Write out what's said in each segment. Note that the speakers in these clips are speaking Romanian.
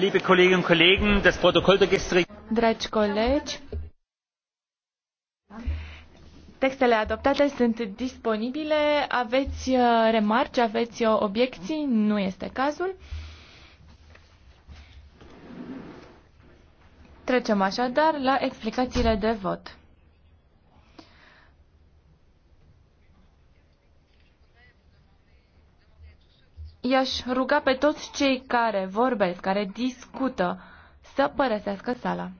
liebe Kolleginnen und Kollegen, das Protokoll der gestrigen. Dragi colegi, textele adoptate sunt disponibile. Aveți uh, remarci, aveți uh, obiecții? Nu este cazul. Trecem așadar la explicațiile de vot. i-aș ruga pe toți cei care vorbesc, care discută, să părăsească sala.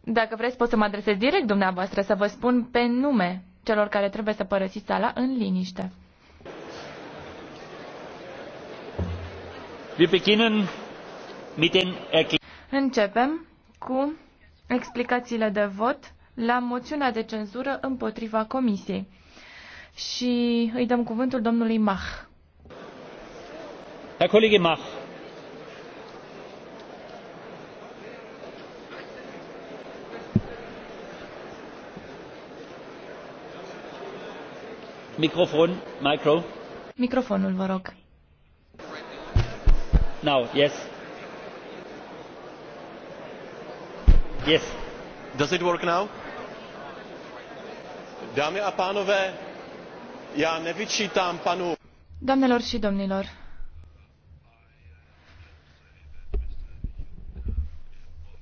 Dacă vreți, pot să mă adresez direct dumneavoastră, să vă spun pe nume celor care trebuie să părăsiți sala în liniște. Începem cu explicațiile de vot la moțiunea de cenzură împotriva Comisiei. Și îi dăm cuvântul domnului Mach. Herr Kollege Mach. Microfon, micro. Microfonul, vă rog. Now, yes. Yes. Does it work now? Dámy a pánové, já nevyčítám panu... Doamnelor și domnilor,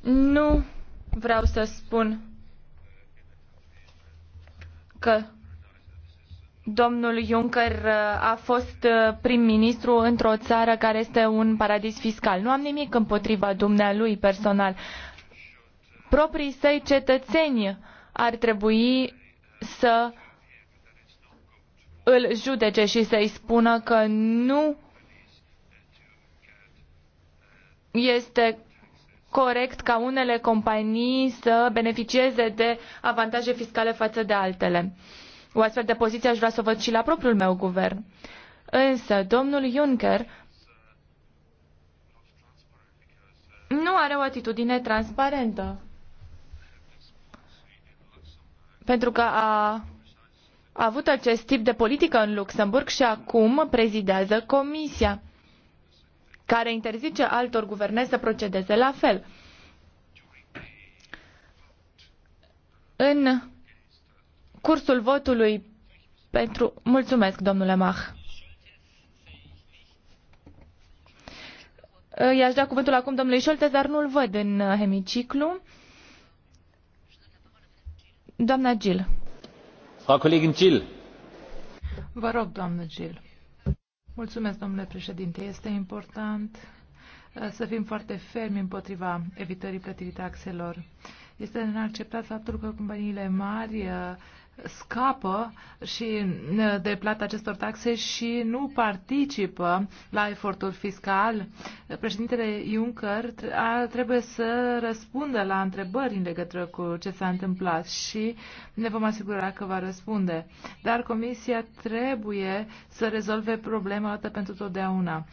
nu vreau să spun că domnul Juncker uh, a fost uh, prim-ministru într-o țară care este un paradis fiscal. Nu am nimic împotriva dumnealui personal. Proprii săi cetățeni ar trebui să îl judece și să-i spună că nu este corect ca unele companii să beneficieze de avantaje fiscale față de altele. O astfel de poziție aș vrea să o văd și la propriul meu guvern. Însă, domnul Juncker nu are o atitudine transparentă pentru că a avut acest tip de politică în Luxemburg și acum prezidează Comisia, care interzice altor guverne să procedeze la fel. În cursul votului pentru... Mulțumesc, domnule Mach. I-aș da cuvântul acum domnului Șoltes, dar nu-l văd în hemiciclu doamnă Gil. Gil. Vă rog, doamnă Gil. Mulțumesc, domnule președinte. Este important uh, să fim foarte fermi împotriva evitării plătirii taxelor. Este neacceptat faptul că companiile mari uh, scapă și uh, de plata acestor taxe și nu participă la efortul fiscal. Președintele Juncker trebuie să răspundă la întrebări în legătură cu ce s-a întâmplat și ne vom asigura că va răspunde. Dar Comisia trebuie să rezolve problema dată pentru totdeauna.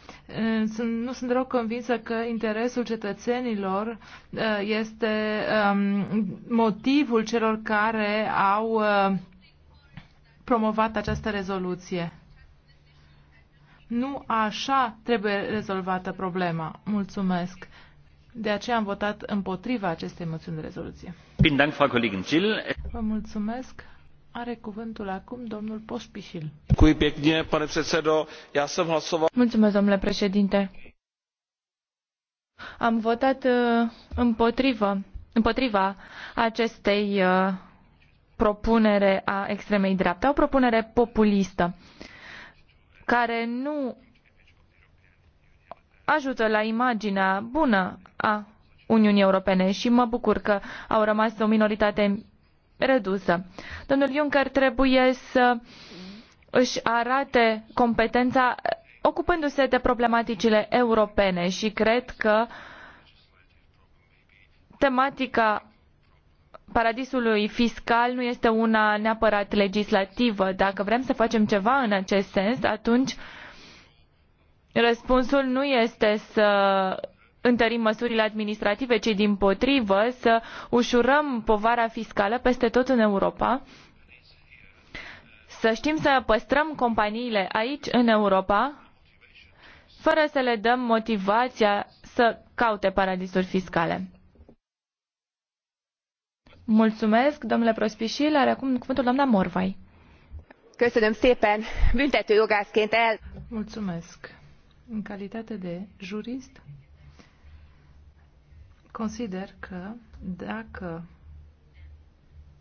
Nu sunt deloc convinsă că interesul cetățenilor uh, este um, motivul celor care au uh, promovat această rezoluție. Nu așa trebuie rezolvată problema. Mulțumesc. De aceea am votat împotriva acestei moțiuni de rezoluție. Vă mulțumesc. Are cuvântul acum domnul Pospișil. Mulțumesc, domnule președinte. Am votat uh, împotriva, împotriva acestei uh, propunere a extremei dreapte, o propunere populistă care nu ajută la imaginea bună a Uniunii Europene și mă bucur că au rămas o minoritate redusă. Domnul Juncker trebuie să își arate competența ocupându-se de problematicile europene și cred că tematica paradisului fiscal nu este una neapărat legislativă. Dacă vrem să facem ceva în acest sens, atunci răspunsul nu este să întărim măsurile administrative, ci din potrivă să ușurăm povara fiscală peste tot în Europa. Să știm să păstrăm companiile aici, în Europa, fără să le dăm motivația să caute paradisuri fiscale. Mulțumesc, domnule Prospișil. Are acum cuvântul doamna Morvai. Köszönöm szépen. büntető jogászként el... Mulțumesc. În calitate de jurist, consider că dacă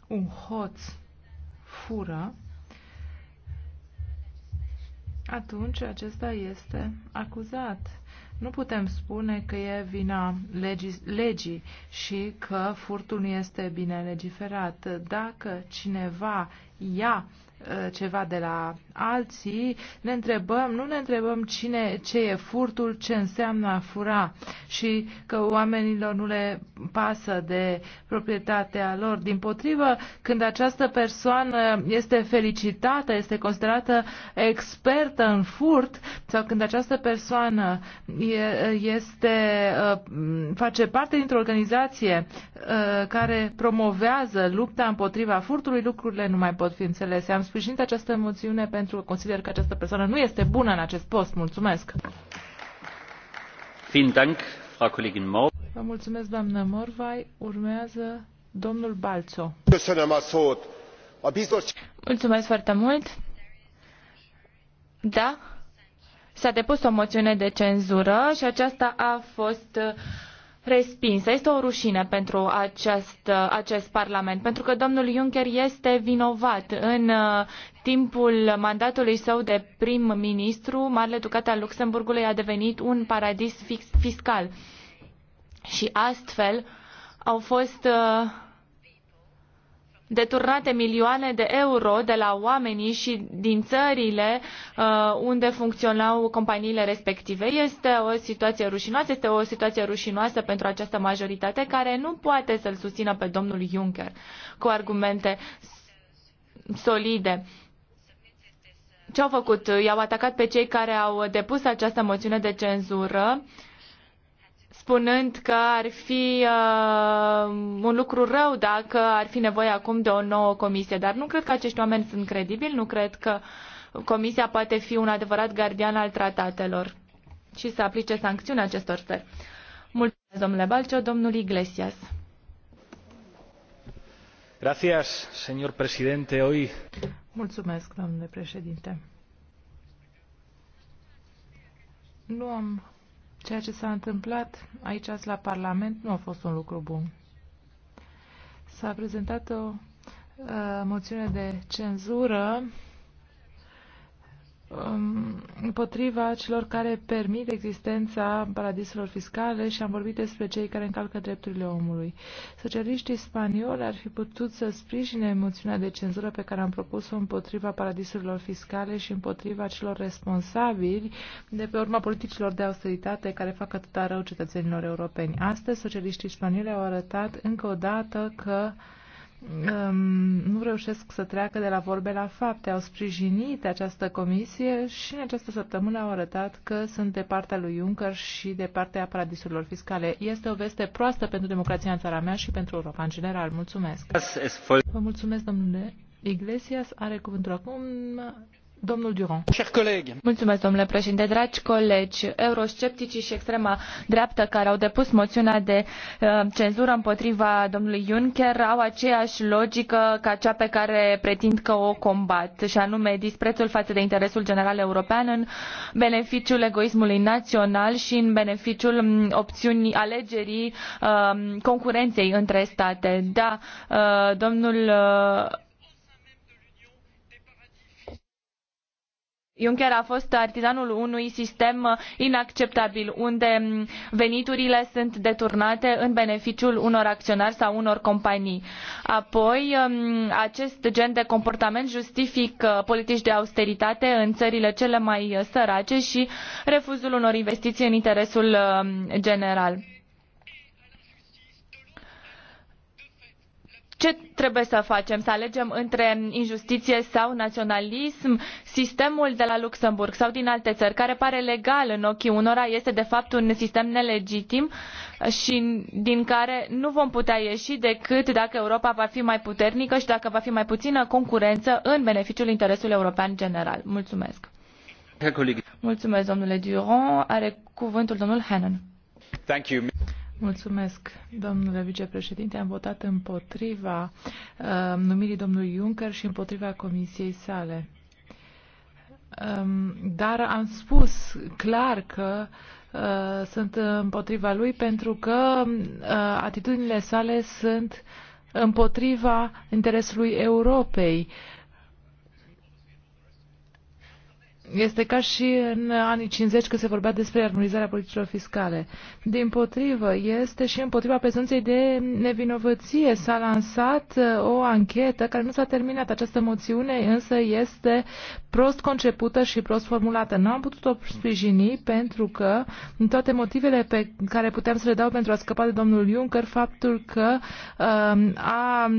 un hoț fură, atunci acesta este acuzat nu putem spune că e vina legii, legii și că furtul nu este bine legiferat. Dacă cineva ia Eh, ceva de la alții, ne întrebăm, nu ne întrebăm cine, ce e furtul, ce înseamnă a fura și că oamenilor nu le pasă de proprietatea lor. Din potrivă, când această persoană este felicitată, este considerată expertă în furt sau când această persoană este, eh, face parte dintr-o organizație eh, care promovează lupta împotriva furtului, lucrurile nu mai pot fi înțelese. Am sprijinit această moțiune pentru că consider că această persoană nu este bună în acest post. Mulțumesc! Vă mulțumesc, doamnă Morvai. Urmează domnul Balțo. Mulțumesc foarte mult. Da, s-a depus o moțiune de cenzură și aceasta a fost uh, respinsă. Este o rușine pentru acest, acest Parlament, pentru că domnul Juncker este vinovat. În uh, timpul mandatului său de prim-ministru, Marele Ducat al Luxemburgului a devenit un paradis fiscal. Și astfel au fost uh, deturnate milioane de euro de la oamenii și din țările uh, unde funcționau companiile respective. Este o situație rușinoasă, este o situație rușinoasă pentru această majoritate care nu poate să-l susțină pe domnul Juncker cu argumente solide. Ce au făcut? I-au atacat pe cei care au depus această moțiune de cenzură uh, spunând că ar fi uh, un lucru rău dacă ar fi nevoie acum de o nouă comisie. Dar nu cred că acești oameni sunt credibili, nu cred că comisia poate fi un adevărat gardian al tratatelor și să aplice sancțiuni acestor țări. Mulțumesc, domnule Balcio, domnul Iglesias. Gracias, señor presidente. Hoy... Mulțumesc, domnule președinte. Nu am Ceea ce s-a întâmplat aici la Parlament nu a fost un lucru bun. S-a prezentat o uh, moțiune de cenzură Um, împotriva celor care permit existența paradisurilor fiscale și am vorbit despre cei care încalcă drepturile omului. Socialiștii spanioli ar fi putut să sprijine moțiunea de cenzură pe care am propus-o împotriva paradisurilor fiscale și împotriva celor responsabili de pe urma politicilor de austeritate care fac atâta rău cetățenilor europeni. Astăzi, socialiștii spanioli au arătat încă o dată că nu reușesc să treacă de la vorbe la fapte. Au sprijinit această comisie și în această săptămână au arătat că sunt de partea lui Juncker și de partea paradisurilor fiscale. Este o veste proastă pentru democrația în țara mea și pentru Europa în general. Mulțumesc! Vă mulțumesc, domnule Iglesias. Are cuvântul acum Domnul Durand. Mulțumesc, domnule președinte. Dragi colegi, euroscepticii și extrema dreaptă care au depus moțiunea de uh, cenzură împotriva domnului Juncker au aceeași logică ca cea pe care pretind că o combat, și anume disprețul față de interesul general european în beneficiul egoismului național și în beneficiul mm, opțiunii alegerii uh, concurenței între state. Da, uh, domnul Juncker a fost artizanul unui sistem uh, inacceptabil, unde mm, veniturile sunt deturnate în beneficiul unor acționari sau unor companii. Apoi, mm, acest gen de comportament justifică politici de austeritate în țările cele mai uh, sărace și refuzul unor investiții în interesul uh, general Ce trebuie să facem? Să alegem între injustiție sau naționalism? Sistemul de la Luxemburg sau din alte țări, care pare legal în ochii unora, este de fapt un sistem nelegitim și din care nu vom putea ieși decât dacă Europa va fi mai puternică și dacă va fi mai puțină concurență în beneficiul interesului european general. Mulțumesc! Mulțumesc, domnule Durand. Are cuvântul domnul Hannan. Thank you. Mulțumesc, domnule vicepreședinte. Am votat împotriva uh, numirii domnului Juncker și împotriva comisiei sale. Um, dar am spus clar că uh, sunt împotriva lui pentru că uh, atitudinile sale sunt împotriva interesului Europei. Uh, Este ca și în anii 50 când se vorbea despre armonizarea politicilor fiscale. Din potrivă, este și împotriva prezenței de nevinovăție. S-a lansat uh, o anchetă care nu s-a terminat. Această moțiune însă este prost concepută și prost formulată. Nu am putut-o sprijini pentru că, în toate motivele pe care puteam să le dau pentru a scăpa de domnul Juncker, faptul că um, uh, a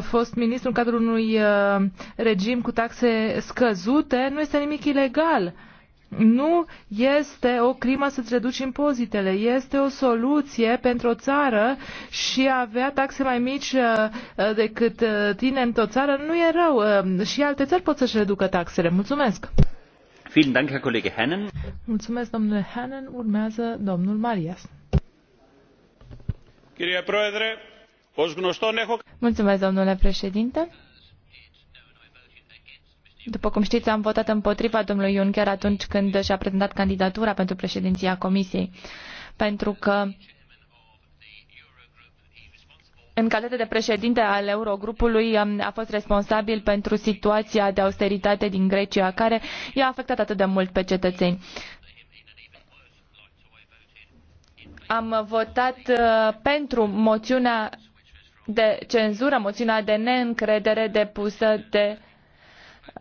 fost ministru în cadrul unui uh, regim cu taxe scăzute, nu este nimic ilegal ilegal. Nu este o crimă să-ți reduci impozitele, este o soluție pentru o țară și a avea taxe mai mici uh, uh, decât uh, tine în o țară nu e rău. Și alte țări pot să-și reducă taxele. Mulțumesc! Mulțumesc, domnule Hennen. Urmează domnul Marias. Mulțumesc, domnule președinte. După cum știți, am votat împotriva domnului Juncker atunci când și-a prezentat candidatura pentru președinția Comisiei, pentru că în calitate de președinte al Eurogrupului a fost responsabil pentru situația de austeritate din Grecia, care i-a afectat atât de mult pe cetățeni. Am votat uh, pentru moțiunea de cenzură, moțiunea de neîncredere depusă de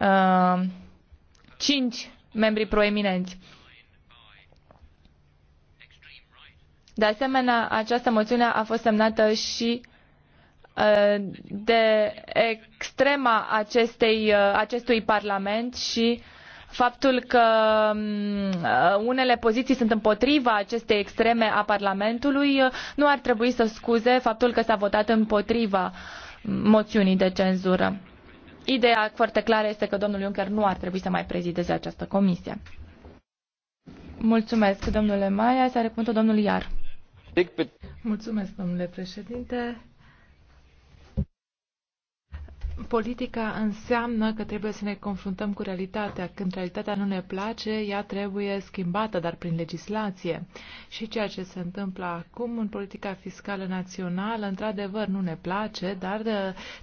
Uh, cinci membri proeminenți. De asemenea, această moțiune a fost semnată și uh, de extrema acestei, uh, acestui parlament și faptul că um, unele poziții sunt împotriva acestei extreme a Parlamentului nu ar trebui să scuze faptul că s-a votat împotriva moțiunii de cenzură. Ideea foarte clară este că domnul Juncker nu ar trebui să mai prezideze această comisie. Mulțumesc, domnule Maia. Să are cuvântul domnul Iar. Mulțumesc, domnule președinte. Politica înseamnă că trebuie să ne confruntăm cu realitatea. Când realitatea nu ne place, ea trebuie schimbată, dar prin legislație. Și ceea ce se întâmplă acum în politica fiscală națională, într-adevăr, nu ne place, dar uh,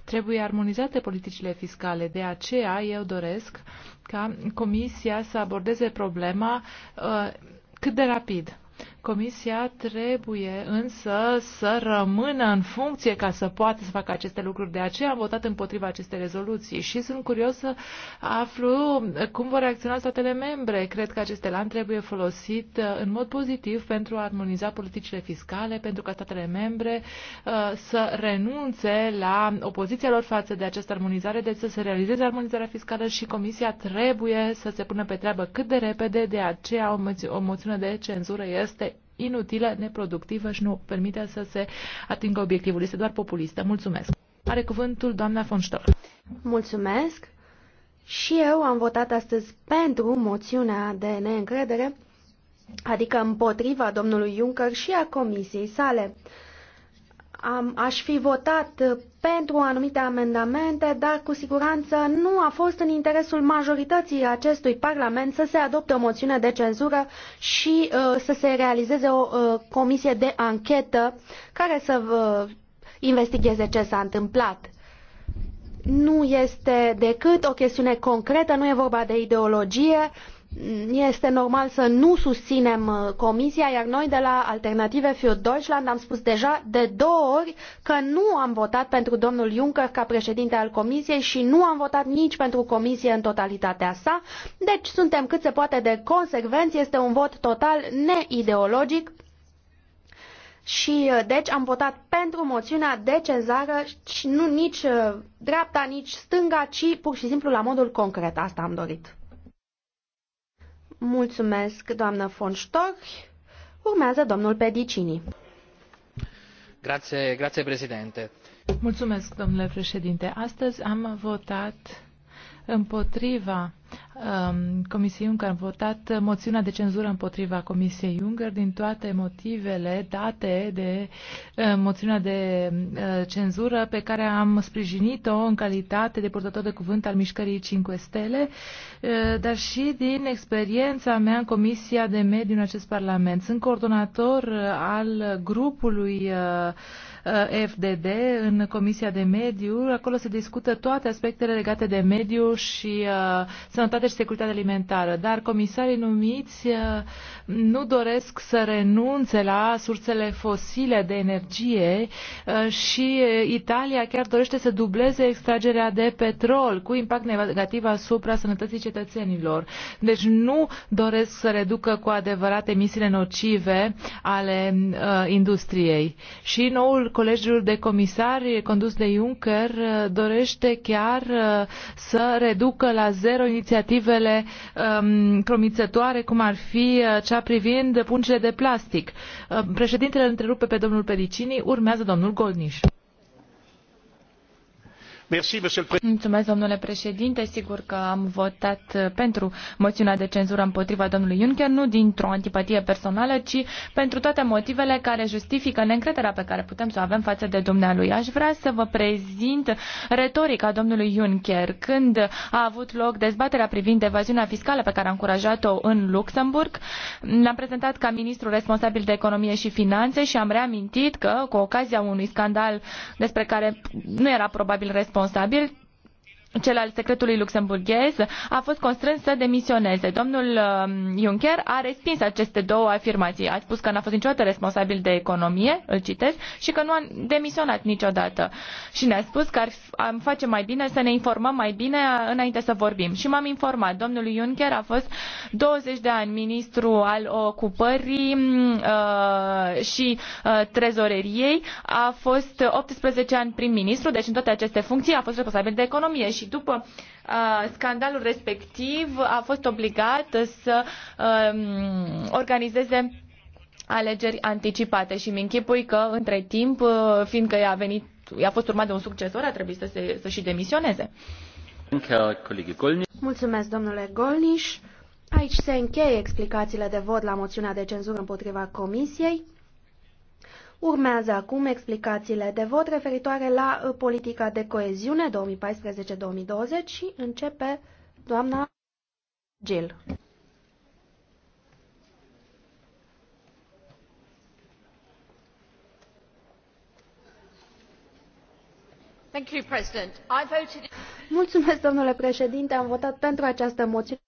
trebuie armonizate politicile fiscale. De aceea eu doresc ca Comisia să abordeze problema uh, cât de rapid Comisia trebuie însă să rămână în funcție ca să poată să facă aceste lucruri. De aceea am votat împotriva acestei rezoluții și sunt curios să aflu cum vor reacționa statele membre. Cred că acest elan trebuie folosit uh, în mod pozitiv pentru a armoniza politicile fiscale, pentru ca statele membre uh, să renunțe la opoziția lor față de această armonizare, deci să se realizeze armonizarea fiscală și Comisia trebuie să se pună pe treabă cât de repede, de aceea o, moțiune de cenzură este inutilă, neproductivă și nu permite să se atingă obiectivul. Este doar populistă. Mulțumesc. Are cuvântul doamna von Stoll. Mulțumesc. Și eu am votat astăzi pentru moțiunea de neîncredere, adică împotriva domnului Juncker și a comisiei sale am, aș fi votat pentru anumite amendamente, dar cu siguranță nu a fost în interesul majorității acestui Parlament să se adopte o moțiune de cenzură și uh, să se realizeze o uh, comisie de anchetă care să uh, investigheze ce s-a întâmplat. Nu este decât o chestiune concretă, nu e vorba de ideologie, este normal să nu susținem uh, Comisia, iar noi de la Alternative für Deutschland am spus deja de două ori că nu am votat pentru domnul Juncker ca președinte al Comisiei și nu am votat nici pentru Comisie în totalitatea sa. Deci suntem cât se poate de consecvenți, este un vot total neideologic și uh, deci am votat pentru moțiunea de cenzară și nu nici uh, dreapta, nici stânga, ci pur și simplu la modul concret. Asta am dorit. Mulțumesc, doamnă von Storch. Urmează domnul Pedicini. Grazie, grazie, președinte. Mulțumesc, domnule președinte. Astăzi am votat împotriva Um, Comisiei Juncker. Am votat moțiunea de cenzură împotriva Comisiei Juncker din toate motivele date de uh, moțiunea de uh, cenzură pe care am sprijinit-o în calitate de purtător de cuvânt al mișcării 5 stele, uh, dar și din experiența mea în Comisia de Mediu în acest Parlament. Sunt coordonator al grupului FDD în Comisia de Mediu. Acolo se discută toate aspectele legate de mediu și sănătate și securitatea alimentară, dar comisarii numiți uh, nu doresc să renunțe la sursele fosile de energie uh, și Italia chiar dorește să dubleze extragerea de petrol cu impact negativ asupra sănătății cetățenilor. Deci nu doresc să reducă cu adevărat emisiile nocive ale uh, industriei. Și noul colegiul de comisari condus de Juncker dorește chiar să reducă la zero inițiativa inițiativele um, promițătoare, cum ar fi uh, cea privind pungile de plastic. Uh, președintele întrerupe pe domnul Pedicini, urmează domnul Golniș domnule președinte. Sigur că am votat pentru moțiunea de cenzură împotriva domnului Juncker, nu dintr-o antipatie personală, ci pentru toate motivele care justifică neîncrederea pe care putem să o avem față de dumnealui. Aș vrea să vă prezint retorica domnului Juncker când a avut loc dezbaterea privind evaziunea fiscală pe care a încurajat-o în Luxemburg. L-am prezentat ca ministru responsabil de economie și finanțe și am reamintit că, cu ocazia unui scandal despre care nu era probabil responsabil, responsabili cel al secretului luxemburghez, a fost constrâns să demisioneze. Domnul um, Juncker a respins aceste două afirmații. A spus că n-a fost niciodată responsabil de economie, îl citesc, și că nu a demisionat niciodată. Și ne-a spus că ar face mai bine să ne informăm mai bine înainte să vorbim. Și m-am informat. Domnul Juncker a fost 20 de ani ministru al ocupării mm, uh, și uh, trezoreriei, a fost 18 ani prim-ministru, deci în toate aceste funcții a fost responsabil de economie. Și și după scandalul respectiv a fost obligat să organizeze alegeri anticipate și mi închipui că între timp, fiindcă i-a venit i-a fost urmat de un succesor, a trebuit să, se, să și demisioneze. Mulțumesc, domnule Golniș. Aici se încheie explicațiile de vot la moțiunea de cenzură împotriva Comisiei. Urmează acum explicațiile de vot referitoare la uh, politica de coeziune 2014-2020 și începe doamna Gil. Mulțumesc, domnule președinte am votat pentru această moțiune.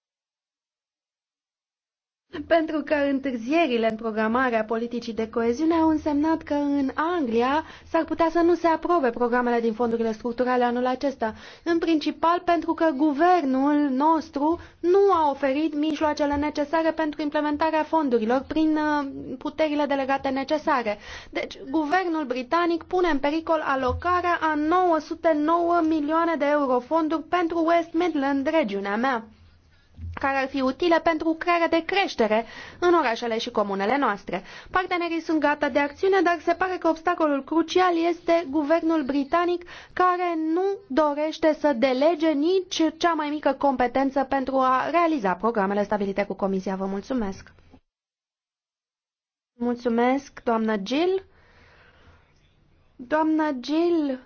Pentru că întârzierile în programarea politicii de coeziune au însemnat că în Anglia s-ar putea să nu se aprobe programele din fondurile structurale anul acesta, în principal pentru că guvernul nostru nu a oferit mijloacele necesare pentru implementarea fondurilor prin uh, puterile delegate necesare. Deci, guvernul britanic pune în pericol alocarea a 909 milioane de euro fonduri pentru West Midland, regiunea mea care ar fi utile pentru crearea de creștere în orașele și comunele noastre. Partenerii sunt gata de acțiune, dar se pare că obstacolul crucial este guvernul britanic care nu dorește să delege nici cea mai mică competență pentru a realiza programele stabilite cu Comisia. Vă mulțumesc! Mulțumesc, doamnă Gill! Doamnă Jill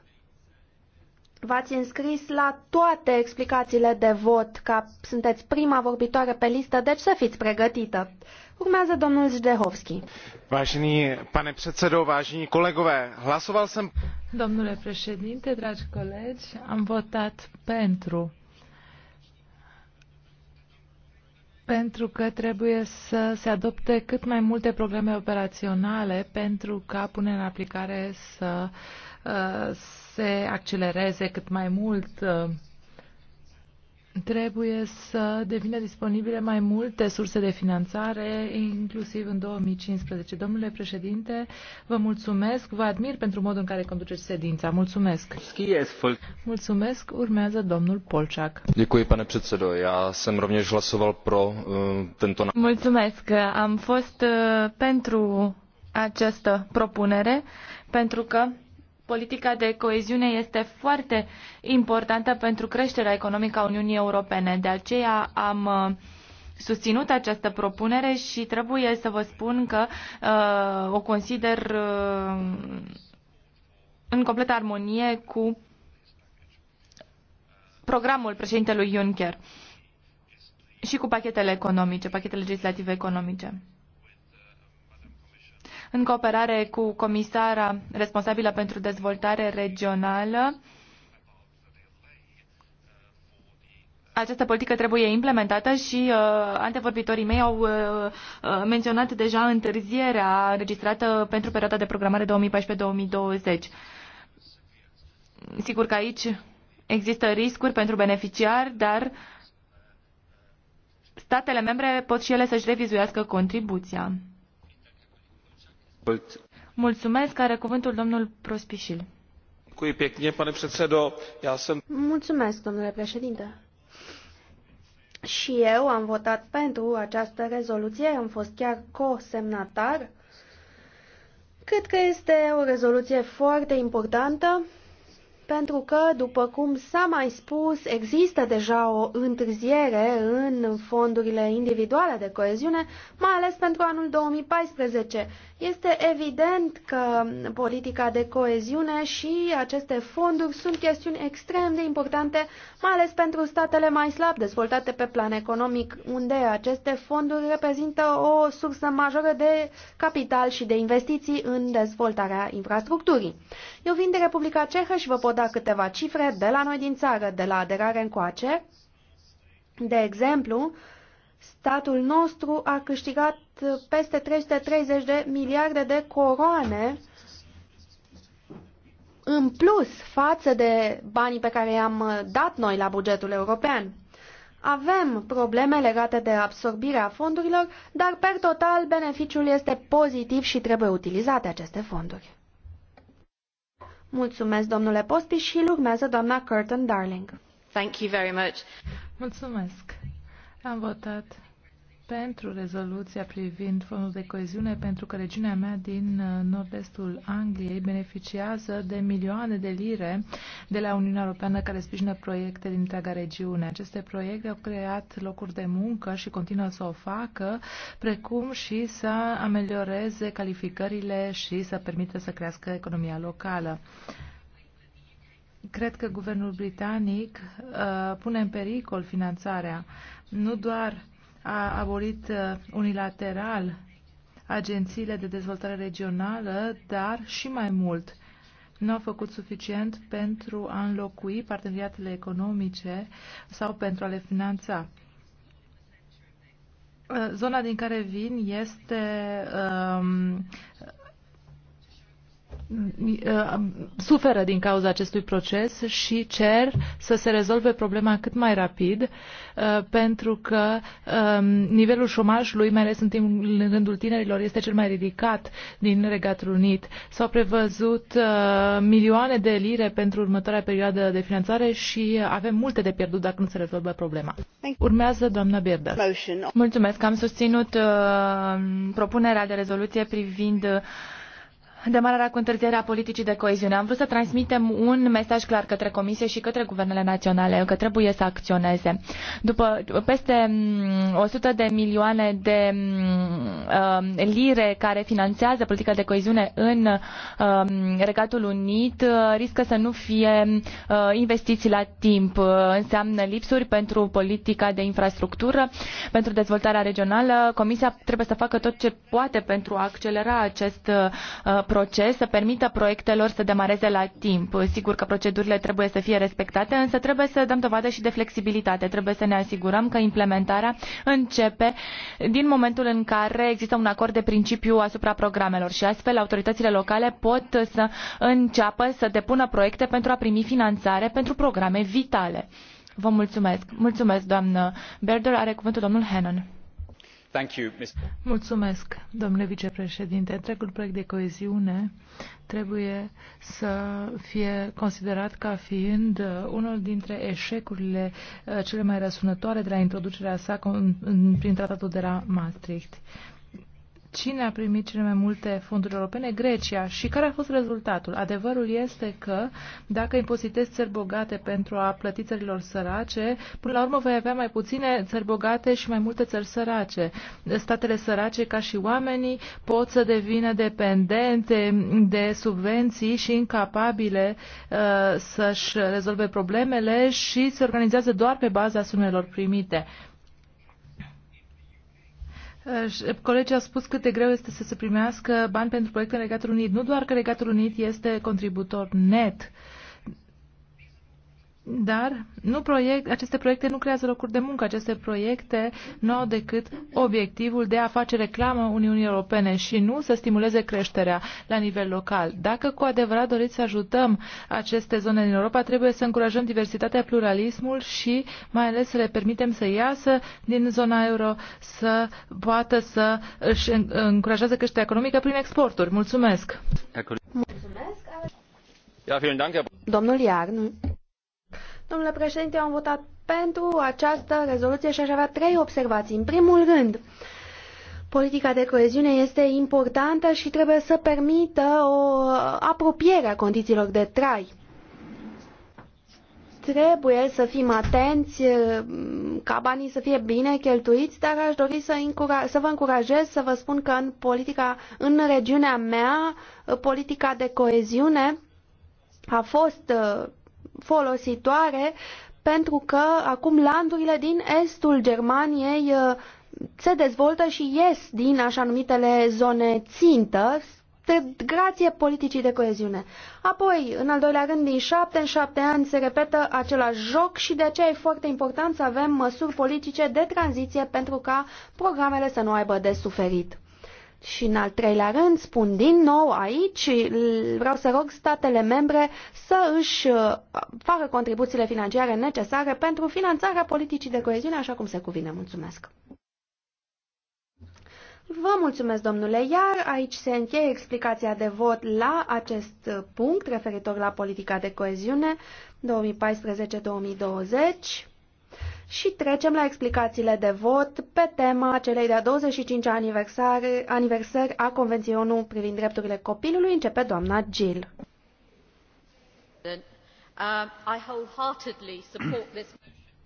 V-ați înscris la toate explicațiile de vot, ca sunteți prima vorbitoare pe listă, deci să fiți pregătită. Urmează domnul Zdehovski. Vážený pane předsedo, vážení kolegové, hlasoval jsem... Domnule președinte, dragi colegi, am votat pentru pentru că trebuie să se adopte cât mai multe programe operaționale pentru ca punerea în aplicare să uh, Uh, se accelereze cât mai mult. Uh, trebuie să devină disponibile mai multe surse de finanțare, inclusiv în 2015. Domnule președinte, vă mulțumesc, vă admir pentru modul în care conduceți sedința. Mulțumesc. Mulțumesc. Urmează domnul Polciac. Děkuji, pane předsedo. Já jsem rovněž hlasoval pro uh, tento... Mulțumesc. Am fost pentru această propunere, pentru că politica de coeziune este foarte importantă pentru creșterea economică a Uniunii Europene. De aceea am uh, susținut această propunere și trebuie să vă spun că uh, o consider uh, în completă armonie cu programul președintelui Juncker și cu pachetele economice, pachetele legislative economice în cooperare cu comisara responsabilă pentru dezvoltare regională. Această politică trebuie implementată și uh, antevorbitorii mei au uh, uh menționat deja întârzierea înregistrată pentru perioada de programare 2014-2020. Sigur că aici există riscuri pentru beneficiari, dar statele membre pot și ele să-și revizuiască contribuția. Mulțumesc, are cuvântul domnul Prospișil. Mulțumesc, domnule președinte. Și eu am votat pentru această rezoluție, am fost chiar co-semnatar. Cred că este o rezoluție foarte importantă pentru că, după cum s-a mai spus, există deja o întârziere în fondurile individuale de coeziune, mai ales pentru anul 2014, este evident că politica de coeziune și aceste fonduri sunt chestiuni extrem de importante, mai ales pentru statele mai slab dezvoltate pe plan economic, unde aceste fonduri reprezintă o sursă majoră de capital și de investiții în dezvoltarea infrastructurii. Eu vin de Republica Cehă și vă pot da câteva cifre de la noi din țară, de la aderare încoace. De exemplu, statul nostru a câștigat peste 330 de miliarde de coroane în plus față de banii pe care i-am dat noi la bugetul european. Avem probleme legate de absorbirea fondurilor, dar per total beneficiul este pozitiv și trebuie utilizate aceste fonduri. Mulțumesc, domnule Posti, și urmează doamna Curtin Darling. Thank you very much. Mulțumesc. Am votat pentru rezoluția privind fondul de coeziune, pentru că regiunea mea din uh, nord-estul Angliei beneficiază de milioane de lire de la Uniunea Europeană care sprijină proiecte din întreaga regiune. Aceste proiecte au creat locuri de muncă și continuă să o facă, precum și să amelioreze calificările și să permită să crească economia locală cred că guvernul britanic uh, pune în pericol finanțarea nu doar a abolit uh, unilateral agențiile de dezvoltare regională, dar și mai mult nu a făcut suficient pentru a înlocui parteneriatele economice sau pentru a le finanța. Uh, zona din care vin este um, suferă din cauza acestui proces și cer să se rezolve problema cât mai rapid, uh, pentru că um, nivelul șomajului, mai ales în, timp, în rândul tinerilor, este cel mai ridicat din Regatul Unit. S-au prevăzut uh, milioane de lire pentru următoarea perioadă de finanțare și avem multe de pierdut dacă nu se rezolvă problema. Urmează doamna Berda. Mulțumesc, am susținut uh, propunerea de rezoluție privind demararea cu întârzierea politicii de coeziune. Am vrut să transmitem un mesaj clar către Comisie și către guvernele naționale că trebuie să acționeze. După peste mm, 100 de milioane de mm, uh, lire care finanțează politica de coeziune în um, Regatul Unit, uh, riscă să nu fie uh, investiți la timp. Uh, înseamnă lipsuri pentru politica de infrastructură, pentru dezvoltarea regională. Comisia trebuie să facă tot ce poate pentru a accelera acest uh, proces să permită proiectelor să demareze la timp. Sigur că procedurile trebuie să fie respectate, însă trebuie să dăm dovadă și de flexibilitate. Trebuie să ne asigurăm că implementarea începe din momentul în care există un acord de principiu asupra programelor și astfel autoritățile locale pot să înceapă să depună proiecte pentru a primi finanțare pentru programe vitale. Vă mulțumesc. Mulțumesc, doamnă Berder. Are cuvântul domnul Hannon. Mulțumesc, domnule vicepreședinte. Întregul proiect de coeziune trebuie să fie considerat ca fiind uh, unul dintre eșecurile uh, cele mai răsunătoare de la introducerea sa prin tratatul de la Maastricht cine a primit cele mai multe fonduri europene? Grecia. Și care a fost rezultatul? Adevărul este că dacă impozitezi țări bogate pentru a plăti țărilor sărace, până la urmă vei avea mai puține țări bogate și mai multe țări sărace. Statele sărace, ca și oamenii, pot să devină dependente de subvenții și incapabile uh, să-și rezolve problemele și se organizează doar pe baza sumelor primite. Colegii au spus cât de greu este să se primească bani pentru proiecte în Regatul Unit. Nu doar că Regatul Unit este contributor net dar nu proiect, aceste proiecte nu creează locuri de muncă. Aceste proiecte nu au decât obiectivul de a face reclamă Uniunii Europene și nu să stimuleze creșterea la nivel local. Dacă cu adevărat doriți să ajutăm aceste zone din Europa, trebuie să încurajăm diversitatea, pluralismul și mai ales să le permitem să iasă din zona euro, să poată să își încurajeze creșterea economică prin exporturi. Mulțumesc! Mulțumesc! Domnul Iar, Domnule președinte, eu am votat pentru această rezoluție și aș avea trei observații. În primul rând, politica de coeziune este importantă și trebuie să permită o apropiere a condițiilor de trai trebuie să fim atenți ca banii să fie bine cheltuiți, dar aș dori să, încura- să vă încurajez să vă spun că în politica, în regiunea mea, politica de coeziune a fost folositoare pentru că acum landurile din estul Germaniei uh, se dezvoltă și ies din așa numitele zone țintă, grație politicii de coeziune. Apoi, în al doilea rând, din șapte în șapte ani se repetă același joc și de aceea e foarte important să avem măsuri politice de tranziție pentru ca programele să nu aibă de suferit. Și în al treilea rând, spun din nou aici, vreau să rog statele membre să își uh, facă contribuțiile financiare necesare pentru finanțarea politicii de coeziune așa cum se cuvine. Mulțumesc! Vă mulțumesc, domnule, iar aici se încheie explicația de vot la acest punct referitor la politica de coeziune 2014-2020. Și trecem la explicațiile de vot pe tema celei de-a 25-a aniversări, aniversări a Convenției ONU privind drepturile copilului. Începe doamna Gil. Uh,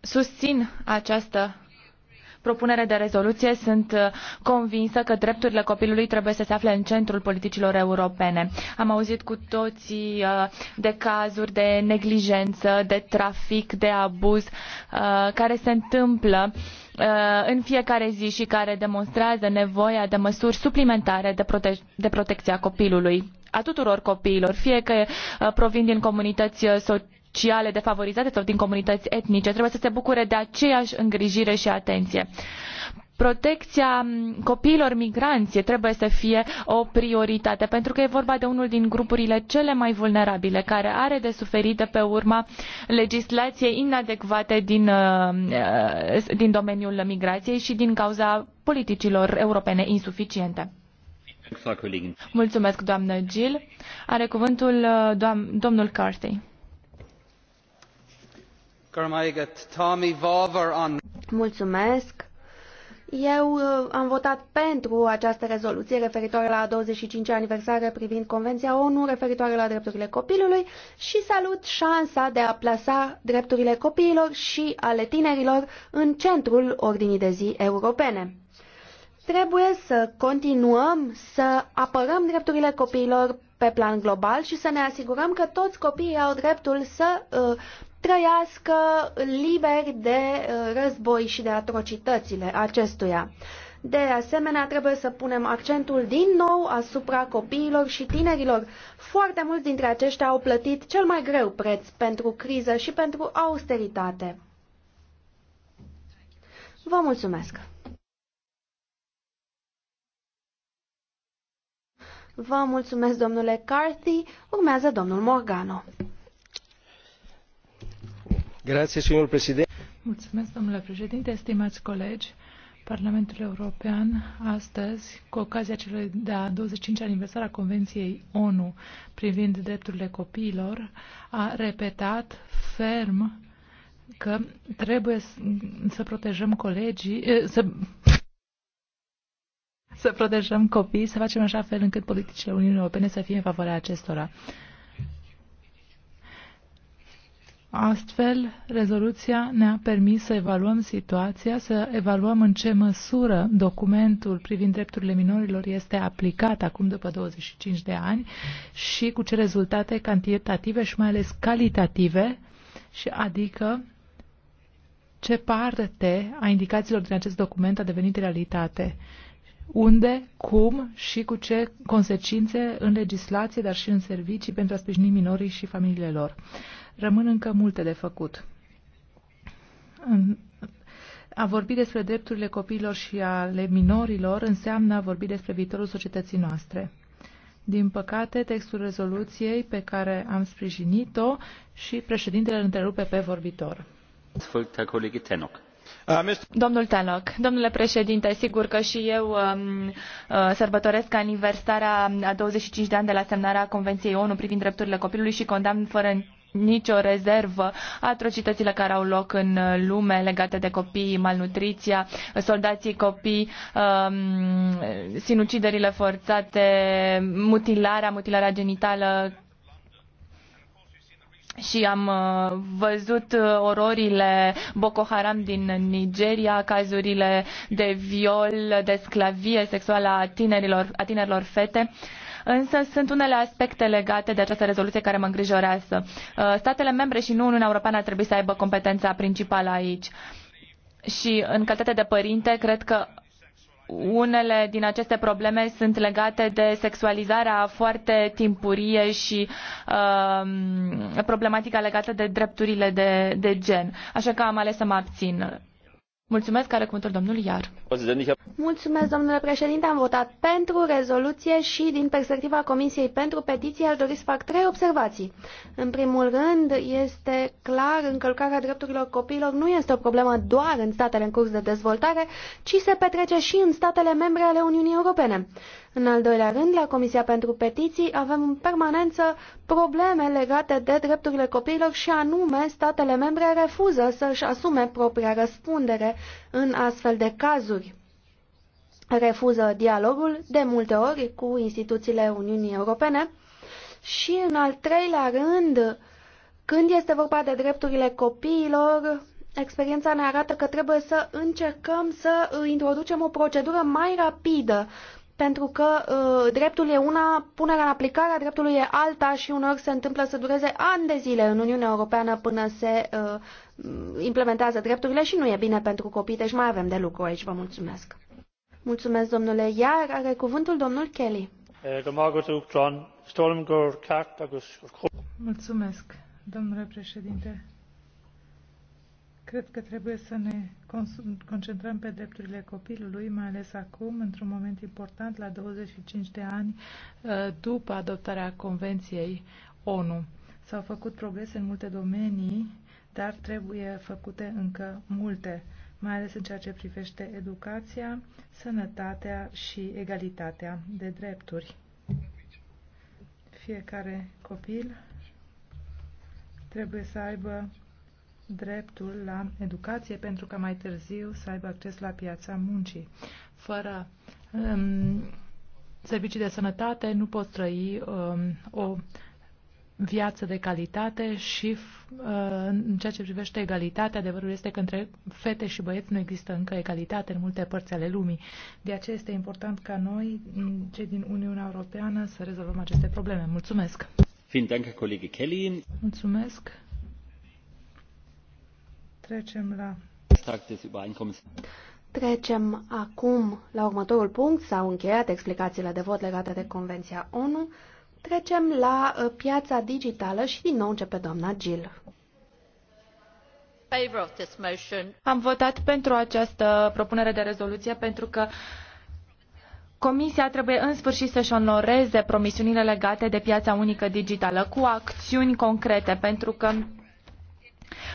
Susțin această propunere de rezoluție sunt uh, convinsă că drepturile copilului trebuie să se afle în centrul politicilor europene. Am auzit cu toții uh, de cazuri de neglijență, de trafic, de abuz uh, care se întâmplă în fiecare zi și care demonstrează nevoia de măsuri suplimentare de, prote- de protecție a copilului a tuturor copiilor, fie că provin din comunități sociale, sociale defavorizate sau din comunități etnice trebuie să se bucure de aceeași îngrijire și atenție. Protecția copiilor migranți trebuie să fie o prioritate, pentru că e vorba de unul din grupurile cele mai vulnerabile, care are de suferit de pe urma legislației inadecvate din, uh, din domeniul migrației și din cauza politicilor europene insuficiente. Mulțumesc, doamnă Gil. Are cuvântul uh, doam- domnul Carthy. Mulțumesc. Eu uh, am votat pentru această rezoluție referitoare la 25 aniversare privind Convenția ONU referitoare la drepturile copilului și salut șansa de a plasa drepturile copiilor și ale tinerilor în centrul ordinii de zi europene. Trebuie să continuăm să apărăm drepturile copiilor pe plan global și să ne asigurăm că toți copiii au dreptul să uh, trăiască liberi de uh, război și de atrocitățile acestuia. De asemenea, trebuie să punem accentul din nou asupra copiilor și tinerilor. Foarte mulți dintre aceștia au plătit cel mai greu preț pentru criză și pentru austeritate. Vă mulțumesc! Vă mulțumesc, domnule Carthy. Urmează domnul Morgano. Mulțumesc, domnule președinte, stimați colegi. Parlamentul European astăzi, cu ocazia celei de-a 25 aniversar a Convenției ONU privind drepturile copiilor, a repetat ferm că trebuie să protejăm colegii, eh, să, să protejăm copiii, să facem așa fel încât politicile Uniunii Europene să fie în favoarea acestora. Astfel, rezoluția ne-a permis să evaluăm situația, să evaluăm în ce măsură documentul privind drepturile minorilor este aplicat acum după 25 de ani și cu ce rezultate cantitative și mai ales calitative, și adică ce parte a indicațiilor din acest document a devenit realitate unde, cum și cu ce consecințe în legislație, dar și în servicii pentru a sprijini minorii și familiile lor. Rămân încă multe de făcut. În a vorbi despre drepturile copiilor și ale minorilor înseamnă a vorbi despre viitorul societății noastre. Din păcate, textul rezoluției pe care am sprijinit-o și președintele îl întrerupe pe vorbitor. Domnul Tenoc, domnule președinte, sigur că și eu um, uh, sărbătoresc aniversarea a 25 de ani de la semnarea Convenției ONU privind drepturile copilului și condamn fără nicio rezervă atrocitățile care au loc în uh, lume legate de copii, malnutriția, soldații copii, um, sinuciderile forțate, mutilarea, mutilarea genitală și am uh, văzut uh, ororile Boko Haram din Nigeria, cazurile de viol, de sclavie sexuală a tinerilor, a tinerilor fete. Uh, Însă sunt unele aspecte legate de această rezoluție care mă îngrijorează. Uh, statele membre și nu Uniunea Europeană ar trebui să aibă competența principală aici. Și în calitate de părinte, cred că unele din aceste probleme sunt legate de sexualizarea foarte timpurie și uh, problematica legată de drepturile de, de gen. Așa că am ales să mă abțin. Mulțumesc, care cuvântul domnul Iar. Mulțumesc, domnule președinte. Am votat pentru rezoluție și, din perspectiva Comisiei pentru petiție aș dori să fac trei observații. În primul rând, este clar, încălcarea drepturilor copiilor nu este o problemă doar în statele în curs de dezvoltare, ci se petrece și în statele membre ale Uniunii Europene. În al doilea rând, la Comisia pentru Petiții avem în permanență probleme legate de drepturile copiilor și anume statele membre refuză să-și asume propria răspundere în astfel de cazuri. Refuză dialogul de multe ori cu instituțiile Uniunii Europene și în al treilea rând, când este vorba de drepturile copiilor, experiența ne arată că trebuie să încercăm să introducem o procedură mai rapidă pentru că uh, dreptul e una, punerea în aplicare a dreptului e alta și uneori se întâmplă să dureze ani de zile în Uniunea Europeană până se uh, implementează drepturile și nu e bine pentru copii, deci mai avem de lucru aici. Vă mulțumesc. Mulțumesc, domnule. Iar are cuvântul domnul Kelly. Mulțumesc, domnule președinte. Cred că trebuie să ne concentrăm pe drepturile copilului, mai ales acum, într-un moment important, la 25 de ani uh, după adoptarea Convenției ONU. S-au făcut progrese în multe domenii, dar trebuie făcute încă multe, mai ales în ceea ce privește educația, sănătatea și egalitatea de drepturi. Fiecare copil trebuie să aibă dreptul la educație pentru ca mai târziu să aibă acces la piața muncii. Fără um, servicii de sănătate nu pot trăi um, o viață de calitate și uh, în ceea ce privește egalitatea, adevărul este că între fete și băieți nu există încă egalitate în multe părți ale lumii. De aceea este important ca noi, cei din Uniunea Europeană, să rezolvăm aceste probleme. Mulțumesc! Mulțumesc! Trecem la... Trecem acum la următorul punct. S-au încheiat explicațiile de vot legate de Convenția ONU. Trecem la uh, piața digitală și din nou începe doamna Gil. Am votat pentru această propunere de rezoluție pentru că Comisia trebuie în sfârșit să-și onoreze promisiunile legate de piața unică digitală cu acțiuni concrete, pentru că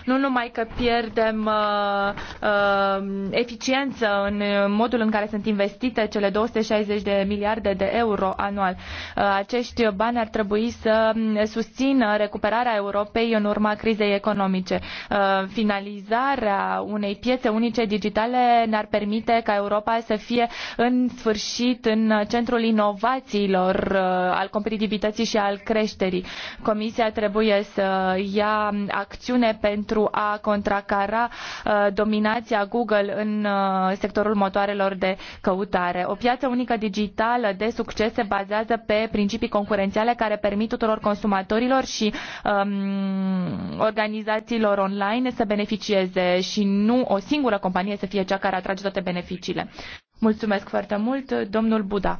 nu numai că pierdem uh, uh, eficiență în modul în care sunt investite cele 260 de miliarde de euro anual. Uh, acești bani ar trebui să susțină recuperarea Europei în urma crizei economice. Uh, finalizarea unei piețe unice digitale ne-ar permite ca Europa să fie în sfârșit în centrul inovațiilor, uh, al competitivității și al creșterii. Comisia trebuie să ia acțiune pe pentru a contracara uh, dominația Google în uh, sectorul motoarelor de căutare. O piață unică digitală de succes se bazează pe principii concurențiale care permit tuturor consumatorilor și um, organizațiilor online să beneficieze și nu o singură companie să fie cea care atrage toate beneficiile. Mulțumesc foarte mult, domnul Buda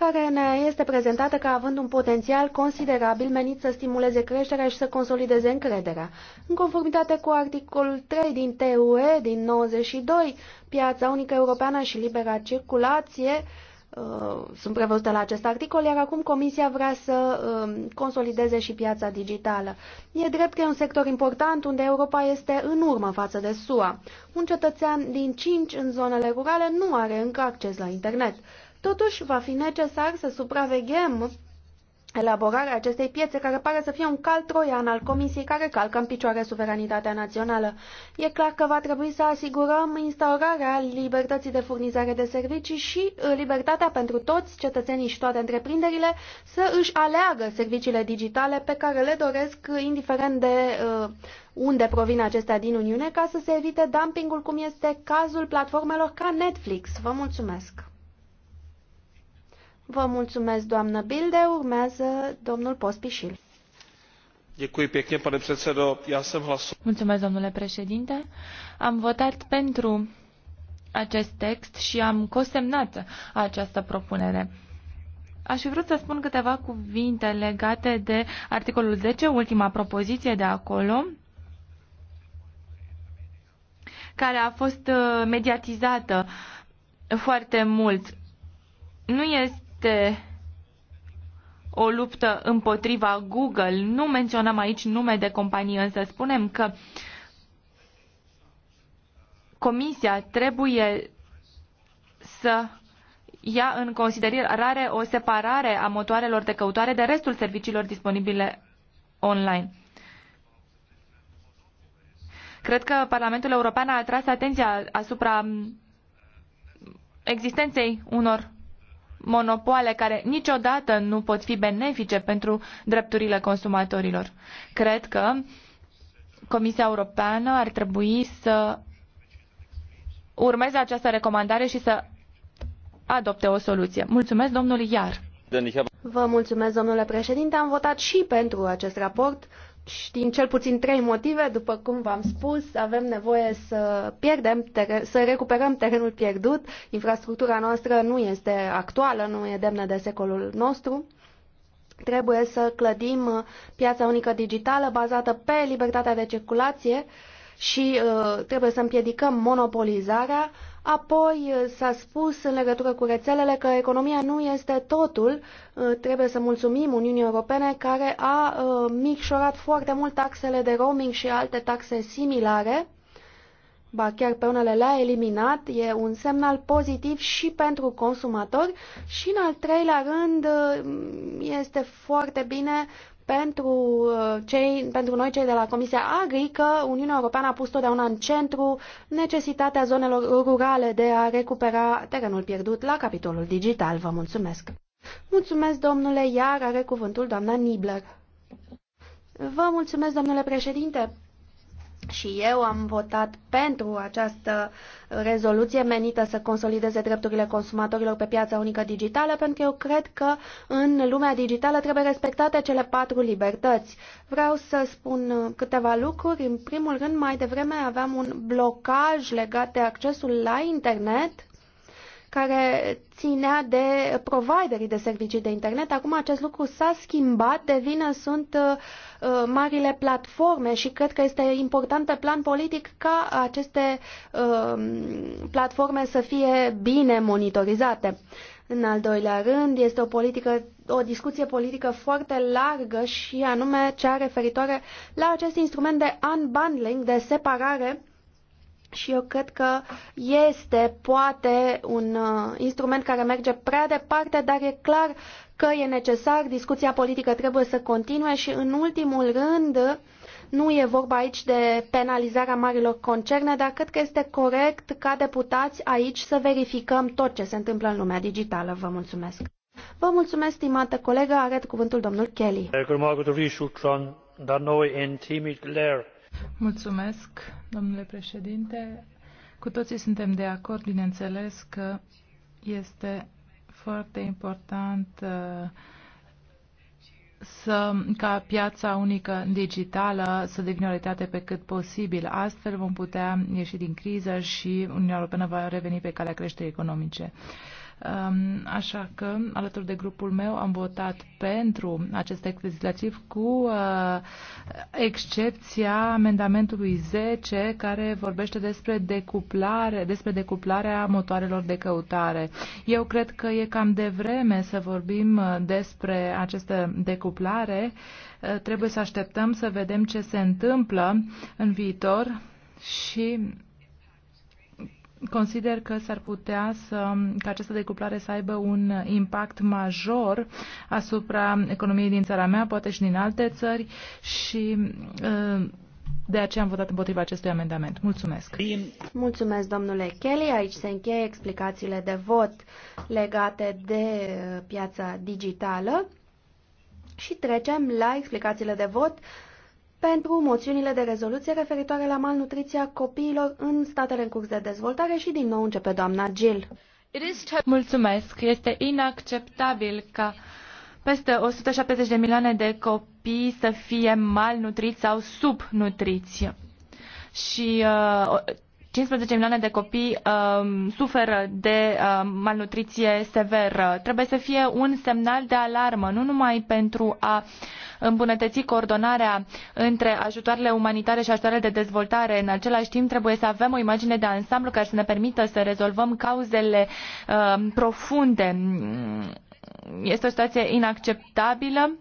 care ne este prezentată ca având un potențial considerabil menit să stimuleze creșterea și să consolideze încrederea. În conformitate cu articolul 3 din TUE din 92, piața unică europeană și libera circulație uh, sunt prevăzute la acest articol, iar acum Comisia vrea să um, consolideze și piața digitală. E drept că e un sector important unde Europa este în urmă față de SUA. Un cetățean din 5 în zonele rurale nu are încă acces la internet. Totuși, va fi necesar să supraveghem elaborarea acestei piețe, care pare să fie un cal troian al Comisiei care calcă în picioare suveranitatea națională. E clar că va trebui să asigurăm instaurarea libertății de furnizare de servicii și uh, libertatea pentru toți cetățenii și toate întreprinderile să își aleagă serviciile digitale pe care le doresc, uh, indiferent de uh, unde provin acestea din Uniune, ca să se evite dumpingul, cum este cazul platformelor ca Netflix. Vă mulțumesc! Vă mulțumesc, doamnă Bilde. Urmează domnul Pospișil. Mulțumesc, domnule președinte. Am votat pentru acest text și am cosemnat această propunere. Aș fi vrut să spun câteva cuvinte legate de articolul 10, ultima propoziție de acolo, care a fost uh, mediatizată foarte mult. Nu este este o luptă împotriva Google. Nu menționăm aici nume de companii, însă spunem că Comisia trebuie să ia în considerare o separare a motoarelor de căutare de restul serviciilor disponibile online. Cred că Parlamentul European a atras atenția asupra existenței unor monopoale care niciodată nu pot fi benefice pentru drepturile consumatorilor. Cred că Comisia Europeană ar trebui să urmeze această recomandare și să adopte o soluție. Mulțumesc, domnul Iar. Vă mulțumesc, domnule președinte. Am votat și pentru acest raport din cel puțin trei motive, după cum v-am spus, avem nevoie să pierdem, teren, să recuperăm terenul pierdut. Infrastructura noastră nu este actuală, nu e demnă de secolul nostru. Trebuie să clădim piața unică digitală bazată pe libertatea de circulație și uh, trebuie să împiedicăm monopolizarea uh, Apoi eh, s-a spus în legătură cu rețelele că economia nu este totul. Eh, trebuie să mulțumim Uniunii Europene care a eh, micșorat foarte mult taxele de roaming și alte taxe similare. Ba chiar pe unele le-a eliminat, e un semnal pozitiv și pentru consumatori și în al treilea rând este foarte bine pentru, uh, cei, pentru noi, cei de la Comisia Agri, că Uniunea Europeană a pus totdeauna în centru necesitatea zonelor rurale de a recupera terenul pierdut la capitolul digital. Vă mulțumesc! Mulțumesc, domnule, iar are cuvântul doamna Nibler. Vă mulțumesc, domnule președinte și eu am votat pentru această rezoluție menită să consolideze drepturile consumatorilor pe piața unică digitală, pentru că eu cred că în lumea digitală trebuie respectate cele patru libertăți. Vreau să spun câteva lucruri. În primul rând, mai devreme aveam un blocaj legat de accesul la internet care ținea de providerii de servicii de internet. Acum acest lucru s-a schimbat, de vină sunt uh, uh, marile platforme și cred că este important pe plan politic ca aceste uh, platforme să fie bine monitorizate. În al doilea rând, este o, politică, o discuție politică foarte largă și anume cea referitoare la acest instrument de unbundling, de separare și eu cred că este poate un uh, instrument care merge prea departe, dar e clar că e necesar, discuția politică trebuie să continue și în ultimul rând nu e vorba aici de penalizarea marilor concerne, dar cred că este corect ca deputați aici să verificăm tot ce se întâmplă în lumea digitală. Vă mulțumesc. Vă mulțumesc, stimată colegă, arăt cuvântul domnul Kelly. Mulțumesc, domnule președinte. Cu toții suntem de acord, bineînțeles, că este foarte important uh, să, ca piața unică digitală să devină o realitate pe cât posibil. Astfel vom putea ieși din criză și Uniunea Europeană va reveni pe calea creșterii economice. Așa că, alături de grupul meu, am votat pentru acest text legislativ cu uh, excepția amendamentului 10 care vorbește despre decuplare, despre decuplarea motoarelor de căutare. Eu cred că e cam devreme să vorbim uh, despre această decuplare. Uh, trebuie să așteptăm să vedem ce se întâmplă în viitor și consider că s-ar putea să, ca această decuplare să aibă un impact major asupra economiei din țara mea, poate și din alte țări și uh, de aceea am votat împotriva acestui amendament. Mulțumesc. Mulțumesc, domnule Kelly. Aici se încheie explicațiile de vot legate de uh, piața digitală și trecem la explicațiile de vot pentru moțiunile de rezoluție referitoare la malnutriția copiilor în statele în curs de dezvoltare și din nou începe doamna Gil. Mulțumesc. Este inacceptabil ca peste 170 de milioane de copii să fie malnutriți sau subnutriți. Și uh, 15 milioane de copii uh, suferă de uh, malnutriție severă. Trebuie să fie un semnal de alarmă, nu numai pentru a îmbunătăți coordonarea între ajutoarele umanitare și ajutoarele de dezvoltare. În același timp, trebuie să avem o imagine de ansamblu care să ne permită să rezolvăm cauzele uh, profunde. Este o situație inacceptabilă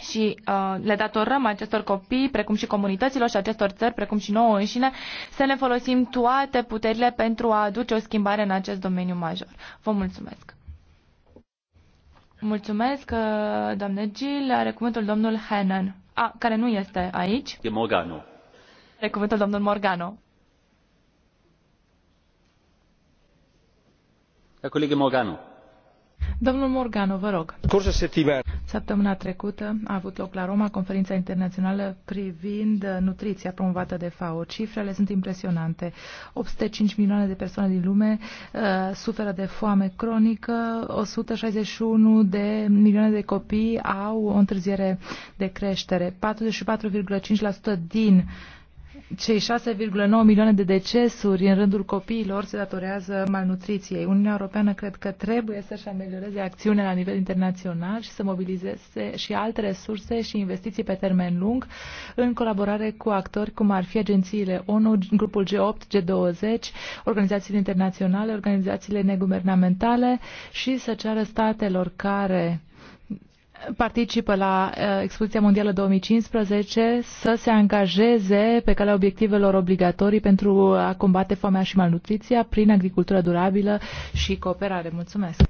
și uh, le datorăm acestor copii, precum și comunităților și acestor țări, precum și nouă înșine, să ne folosim toate puterile pentru a aduce o schimbare în acest domeniu major. Vă mulțumesc! Mulțumesc, uh, doamne Gil. Are cuvântul domnul Hennan, a, care nu este aici. E Morgano. Are cuvântul domnul Morgano. Colegă Morgano. Domnul Morgano, vă rog. Săptămâna trecută a avut loc la Roma conferința internațională privind nutriția promovată de FAO. Cifrele sunt impresionante. 805 milioane de persoane din lume uh, suferă de foame cronică, 161 de milioane de copii au o întârziere de creștere, 44,5% din uh, cei 6,9 milioane de decesuri în rândul copiilor se datorează malnutriției. Uniunea Europeană cred că trebuie să-și amelioreze acțiunea la nivel internațional și să mobilizeze și alte resurse și investiții pe termen lung în colaborare cu actori cum ar fi agențiile ONU, grupul G8, G20, organizațiile internaționale, organizațiile neguvernamentale și să ceară statelor care participă la uh, Expoziția Mondială 2015 să se angajeze pe calea obiectivelor obligatorii pentru a combate foamea și malnutriția prin agricultură durabilă și cooperare. Mulțumesc!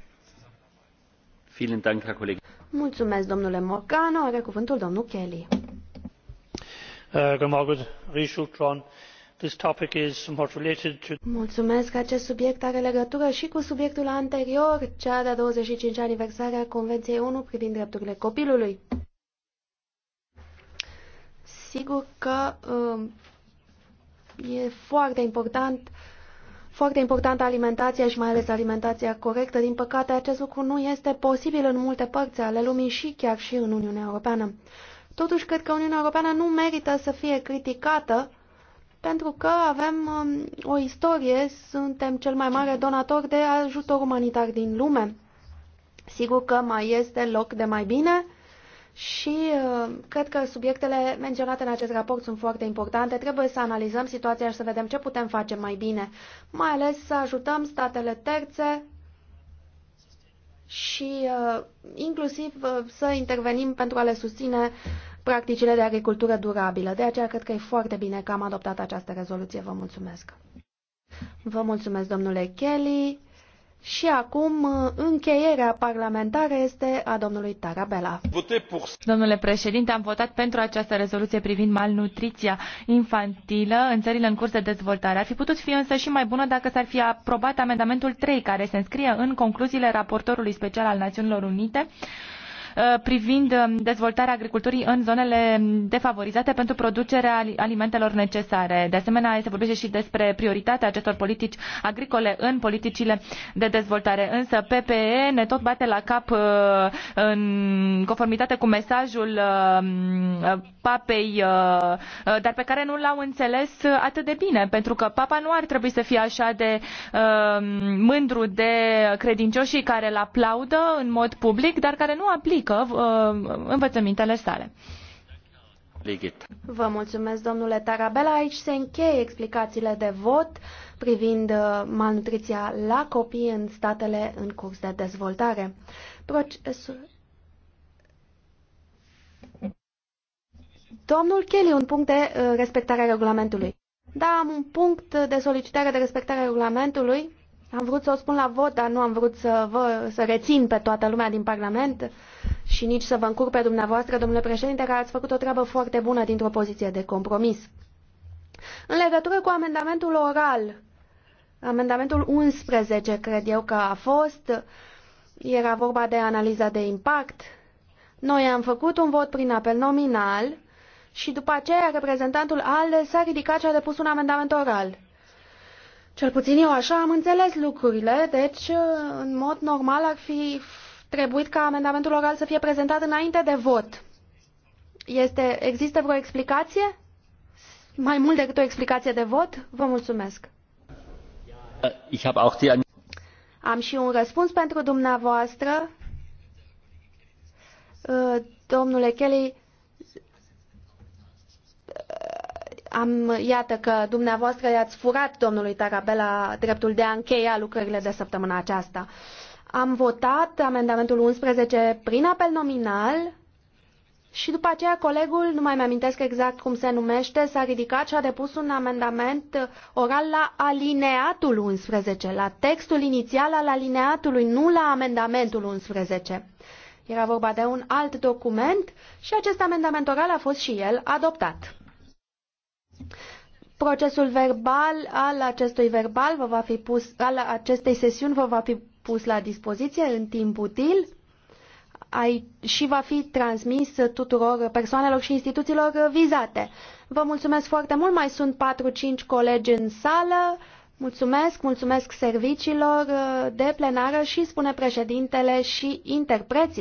Mulțumesc, domnule Morgano. Are cuvântul domnul Kelly. Uh, This topic is somewhat related to... Mulțumesc. Acest subiect are legătură și cu subiectul anterior, cea de-a 25-a aniversare a Convenției ONU privind drepturile copilului. Sigur că um, e foarte important foarte importantă alimentația și mai ales alimentația corectă. Din păcate, acest lucru nu este posibil în multe părți ale lumii și chiar și în Uniunea Europeană. Totuși, cred că Uniunea Europeană nu merită să fie criticată pentru că avem um, o istorie, suntem cel mai mare donator de ajutor umanitar din lume. Sigur că mai este loc de mai bine și uh, cred că subiectele menționate în acest raport sunt foarte importante. Trebuie să analizăm situația și să vedem ce putem face mai bine, mai ales să ajutăm statele terțe și uh, inclusiv uh, să intervenim pentru a le susține uh, practicile de agricultură durabilă. De aceea cred că e foarte bine că am adoptat această rezoluție. Vă mulțumesc! Vă mulțumesc, domnule Kelly! Și acum uh, încheierea parlamentară este a domnului Tarabela. Domnule președinte, am votat pentru această rezoluție privind malnutriția infantilă în țările în curs de dezvoltare. Ar fi putut fi însă și mai bună dacă s-ar fi aprobat amendamentul 3, care se înscrie în concluziile raportorului special al Națiunilor Unite Uh, privind um, dezvoltarea agriculturii în zonele defavorizate pentru producerea alimentelor necesare. De asemenea, se vorbește și despre prioritatea acestor politici agricole în politicile de dezvoltare. Însă PPE ne tot bate la cap uh, în conformitate cu mesajul um, papei, uh, dar pe care nu l-au înțeles atât de bine, pentru că papa nu ar trebui să fie așa de um, mândru de credincioșii care îl aplaudă în mod public, dar care nu aplică aplică uh, învățămintele sale. Vă mulțumesc, domnule Tarabela. Aici se încheie explicațiile de vot privind uh, malnutriția la copii în statele în curs de dezvoltare. Procesul... Domnul Kelly, un punct de uh, respectare a regulamentului. Da, am un punct de solicitare de respectare a regulamentului. Am vrut să o spun la vot, dar nu am vrut să, vă, să rețin pe toată lumea din Parlament și nici să vă încurc pe dumneavoastră, domnule președinte, care ați făcut o treabă foarte bună dintr-o poziție de compromis. În legătură cu amendamentul oral, amendamentul 11, cred eu că a fost, era vorba de analiza de impact. Noi am făcut un vot prin apel nominal și după aceea reprezentantul ALDE s-a ridicat și a depus un amendament oral. Cel puțin eu așa am înțeles lucrurile, deci în mod normal ar fi trebuit ca amendamentul oral să fie prezentat înainte de vot. Este, există vreo explicație? Mai mult decât o explicație de vot? Vă mulțumesc. Uh, am și un răspuns pentru dumneavoastră. Uh, domnule Kelly, uh, am, iată că dumneavoastră i-ați furat domnului Tarabella dreptul de a încheia lucrările de săptămâna aceasta. Am votat amendamentul 11 prin apel nominal și după aceea colegul, nu mai mi-amintesc exact cum se numește, s-a ridicat și a depus un amendament oral la alineatul 11, la textul inițial al alineatului, nu la amendamentul 11. Era vorba de un alt document și acest amendament oral a fost și el adoptat. Procesul verbal al acestui verbal vă va fi pus, al acestei sesiuni vă va fi pus la dispoziție în timp util ai, și va fi transmis tuturor persoanelor și instituțiilor vizate. Vă mulțumesc foarte mult, mai sunt 4-5 colegi în sală. Mulțumesc, mulțumesc serviciilor de plenară și, spune președintele, și interpreții.